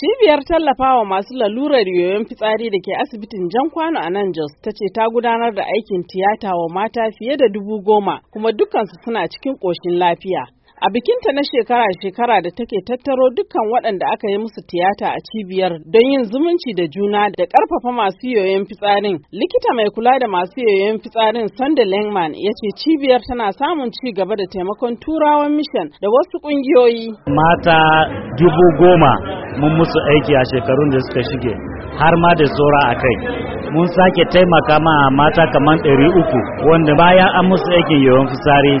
Cibiyar tallafawa masu lalurar yoyon fitsari da ke asibitin Jan Kwano a nan Jos ta ce ta gudanar da aikin tiyata wa mata fiye da dubu goma kuma dukansu suna cikin ƙoshin lafiya. A bikinta na shekara-shekara da take tattaro dukkan waɗanda aka yi musu tiyata a cibiyar don yin zumunci da juna da ƙarfafa masu yoyon fitsarin. Likita mai kula da masu yoyon fitsarin Sunday Langman ya ce cibiyar tana samun ci gaba da taimakon turawan mishan da wasu ƙungiyoyi. Mata dubu goma mun musu aiki a shekarun da suka shige. har ma da zora a kai mun sake taimaka ma mata kamar ɗari uku wanda bayan an musu aikin yawon fitsari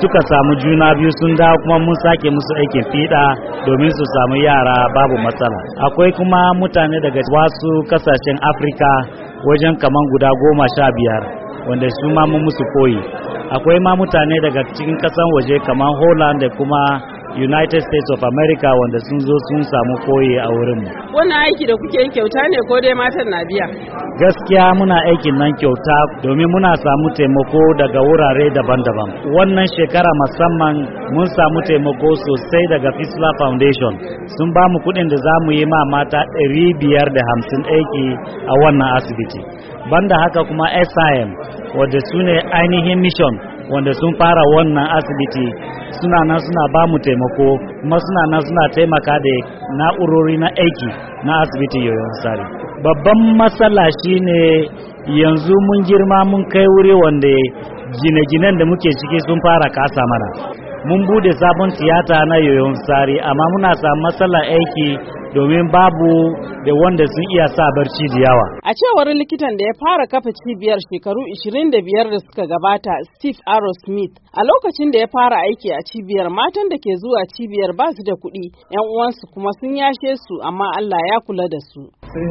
suka samu juna biyu sun dawo kuma mun sake musu aikin fiɗa domin su samu yara babu matsala akwai kuma mutane daga wasu kasashen afirka wajen kamar guda goma sha biyar wanda su ma musu koyi akwai ma mutane daga cikin kasan waje kamar holland da kuma united states of america wanda sun zo sun samu koyi a wurin mu. wannan aiki da kuke yin kyauta ne ko dai matan na biya gaskiya muna aikin nan kyauta domin muna samu taimako daga wurare daban-daban wannan shekara musamman mun samu taimako sosai daga fisla foundation sun ba mu kudin da za mu yi ma mata 550 aiki a wannan asibiti banda haka kuma sim wadda su ne ainihin mission wanda sun fara wannan asibiti suna nan suna ba mu taimako kuma suna nan suna taimaka da na'urori na aiki na asibiti yoyon sari babban matsala shine yanzu mun girma mun kai wuri wanda gine-ginen da muke ciki sun fara kasa mana mun bude sabon tiyata na yoyon sari amma muna samun matsala aiki domin babu da wanda sun iya sa barci da yawa. A cewar likitan da ya fara kafa cibiyar shekaru 25 da suka gabata Steve Arrow Smith a lokacin da ya fara aiki a cibiyar matan da ke zuwa cibiyar ba su da kuɗi yan uwansu kuma sun yashe su amma Allah ya kula da su. They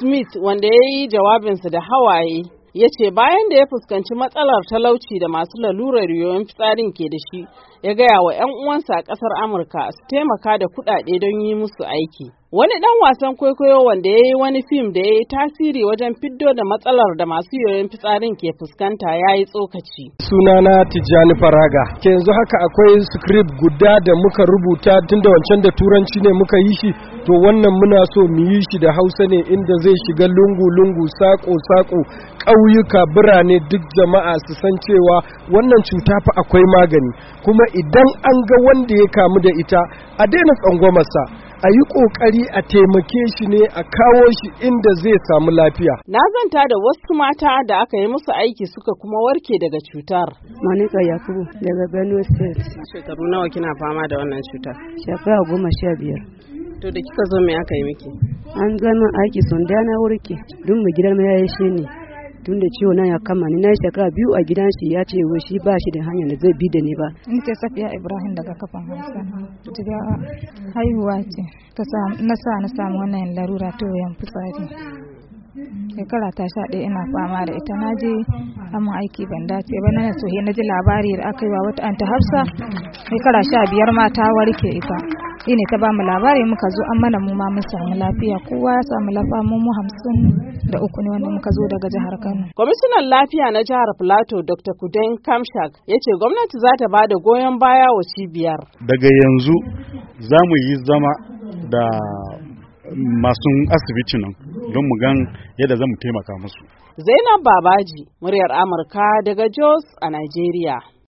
Smith wanda ya yi jawabinsa da hawaye ya ce bayan da ya fuskanci matsalar talauci da masu lalurar yoyon fitsarin ke da shi ya gaya wa 'yan uwansa a ƙasar Amurka su taimaka da kuɗaɗe don yi musu aiki. Wani ɗan wasan kwaikwayo wanda ya yi wani fim da ya yi tasiri wajen fiddo da matsalar da masu yoyon fitsarin ke fuskanta ya yi tsokaci. Sunana Tijjani Faraga. Ke yanzu haka akwai script guda da muka rubuta tun da wancan da turanci ne muka yi shi to wannan muna so mu yi shi da hausa ne inda zai shiga lungu-lungu sako-sako ƙauyuka birane duk jama'a su san cewa wannan cuta fa akwai magani kuma idan an ga wanda ya kamu da ita a daina tsangwamarsa a yi ƙoƙari a taimake shi ne a kawo shi inda zai samu lafiya. Na zanta da wasu mata da aka yi musu aiki suka kuma warke daga cutar. Monica Yakubu daga Benue State. Shekaru nawa kina fama da wannan cutar? Shekara goma sha biyar. To da kika zo me aka yi miki? An zama aiki sun dana wurke, duk mu gidan ya yi shi ne. tun da ciwo na ya kama ni na shekara biyu a gidan shi ya ce wai shi ba shi da hanyar da zai bi da ni ba ni ce safiya ibrahim daga kafan hausa daga haihuwa ce na sa na samu wannan larura to yan fitsari shekara ta sha ɗaya ina fama da ita na je amma aiki ban dace ba na sohe na ji labari da aka yi wa wata anta hafsa shekara sha biyar ma ta warke ita shine ta bamu labari muka zo an mana mu ma mun samu lafiya kowa ya samu lafiya mu mu hamsin da uku ne wanda muka zo daga jihar Kano. Kwamishinan lafiya na jihar Plateau Dr. Kudain Kamshak ya ce gwamnati za ta ba da goyon baya wa cibiyar. Daga yanzu za mu yi zama da masu asibiti nan don mu gan yadda zamu taimaka musu. Zainab Babaji, muryar Amurka daga Jos a Najeriya.